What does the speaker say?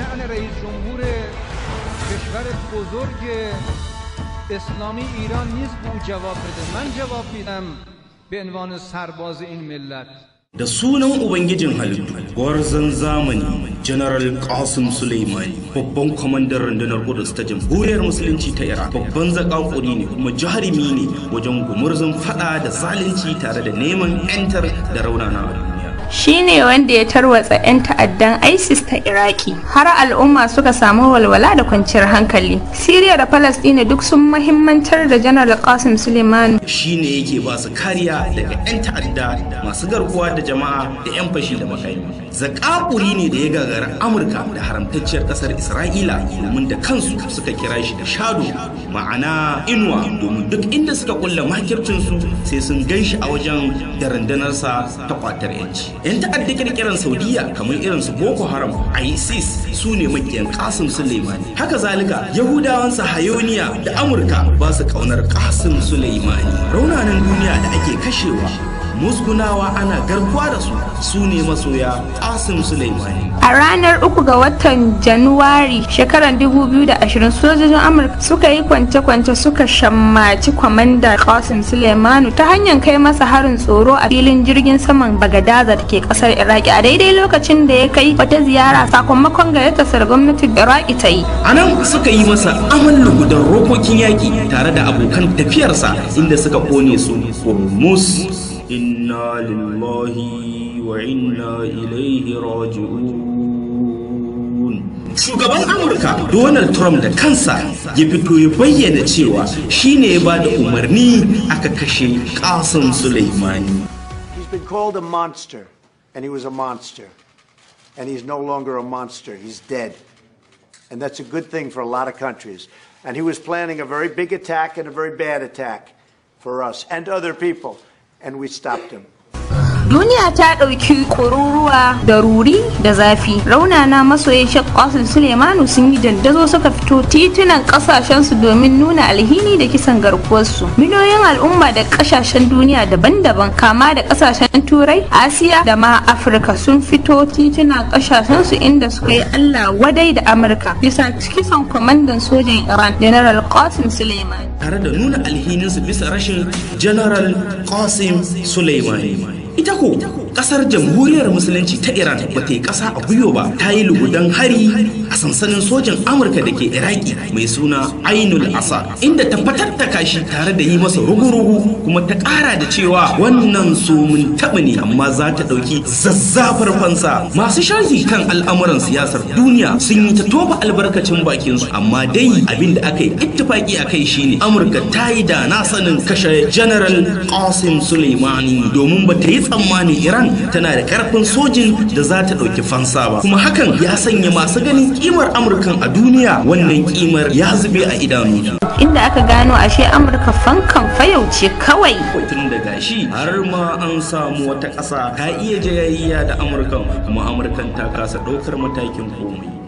شعن رئیس جمهور کشور بزرگ اسلامی ایران نیست به او جواب بده من جواب میدم به عنوان سرباز این ملت da sunan ubangijin halittu gwarzon zamani general qasim suleimani babban kwamandan rundunar kudus ta jamhuriyar musulunci ta iraq babban zakakuri ne kuma jarumi ne wajen gumurzun fada da zalunci tare da neman 'yantar da raunana Shi ne wanda ya tarwatsa 'yan ta'addan isis ta iraki har al'umma suka samu walwala da kwanciyar hankali siriya da palestina duk sun mahimmantar da janar qasim suleiman shine yake ba su kariya daga 'yan ta'adda masu garkuwa da jama'a da 'yan fashi da makai zakakuri ne da ya gagara amurka da haramtacciyar ƙasar isra'ila domin da kansu suka kira shi da shado ma'ana inuwa domin duk inda suka kulla makircinsu sai sun gan shi a wajen da randanarsa ta kwatar 'yanci 'yan ta'adda kirkiran saudiya kamar irin su boko haram isis su ne makiyan kasim suleimani haka zalika yahudawan sahayoniya da amurka ba su kaunar kasim suleimani raunanan duniya da ake kashewa musgunawa ana garkuwa da su su ne masoya kasim suleimani a ranar uku ga watan januwari shekarar 2020 sojojin amurka suka yi kwance-kwance suka shammaci kwamanda kasim suleimanu ta hanyar kai masa harin tsoro a filin jirgin saman bagadaza da ke kasar iraki a daidai lokacin da ya kai wata ziyara sakamakon gayyatar gwamnatin iraki ta yi a nan suka yi masa aman lugudan rokokin yaki tare da abokan tafiyarsa inda suka kone su mus إنا لله وإنا إليه راجعون Shugaban Amurka Donald Trump da kansa ya fito ya bayyana cewa shi ya ba da umarni aka kashe Qasim Soleimani. He's been called a monster, and he was a monster. And he's no longer a monster, he's dead. And that's a good thing for a lot of countries. And he was planning a very big attack and a very bad attack for us and other people and we stopped him. duniya ta ɗauki kururuwa da ruri da zafi raunana masoyin shek qasim sulemanu sun yi dandazo suka fito titunan kasashensu domin nuna alhini da kisan garkuwarsu miliyoyin al'umma da kasashen duniya daban-daban kama da kasashen turai asiya da ma afirka sun fito titunan ƙasashensu inda suka yi allah wadai da amurka bisa kisan kwamandan sojan iran general qasim suleiman tare da nuna alhininsu bisa rashin general qasim suleiman ita ko kasar jamhuriyar musulunci ta iran ba ta yi kasa a gwiwa ba ta yi lugudan hari sansanin sojin amurka da ke iraki mai suna ainul asa inda ta fatattaka shi tare da yi masa rugu-rugu kuma ta kara da cewa wannan mun taɓa ne amma za ta ɗauki zazzafar fansa masu sharhi kan al'amuran siyasar duniya sun yi ta toba albarkacin bakin su. amma dai abin da aka yi ittifaki a kai shine amurka ta yi da na sanin kashe general qasim suleimani domin ba ta yi tsammanin iran tana da karfin sojin da za ta ɗauki fansa ba kuma hakan ya sanya masu ganin kimar amurkan a duniya wannan kimar ya zube a idanu inda aka gano ashe amurka fankan fayauce kawai tun daga shi har ma an samu wata ƙasa ta iya jayayya da amurkan kuma amurkan ta kasa ɗaukar matakin komai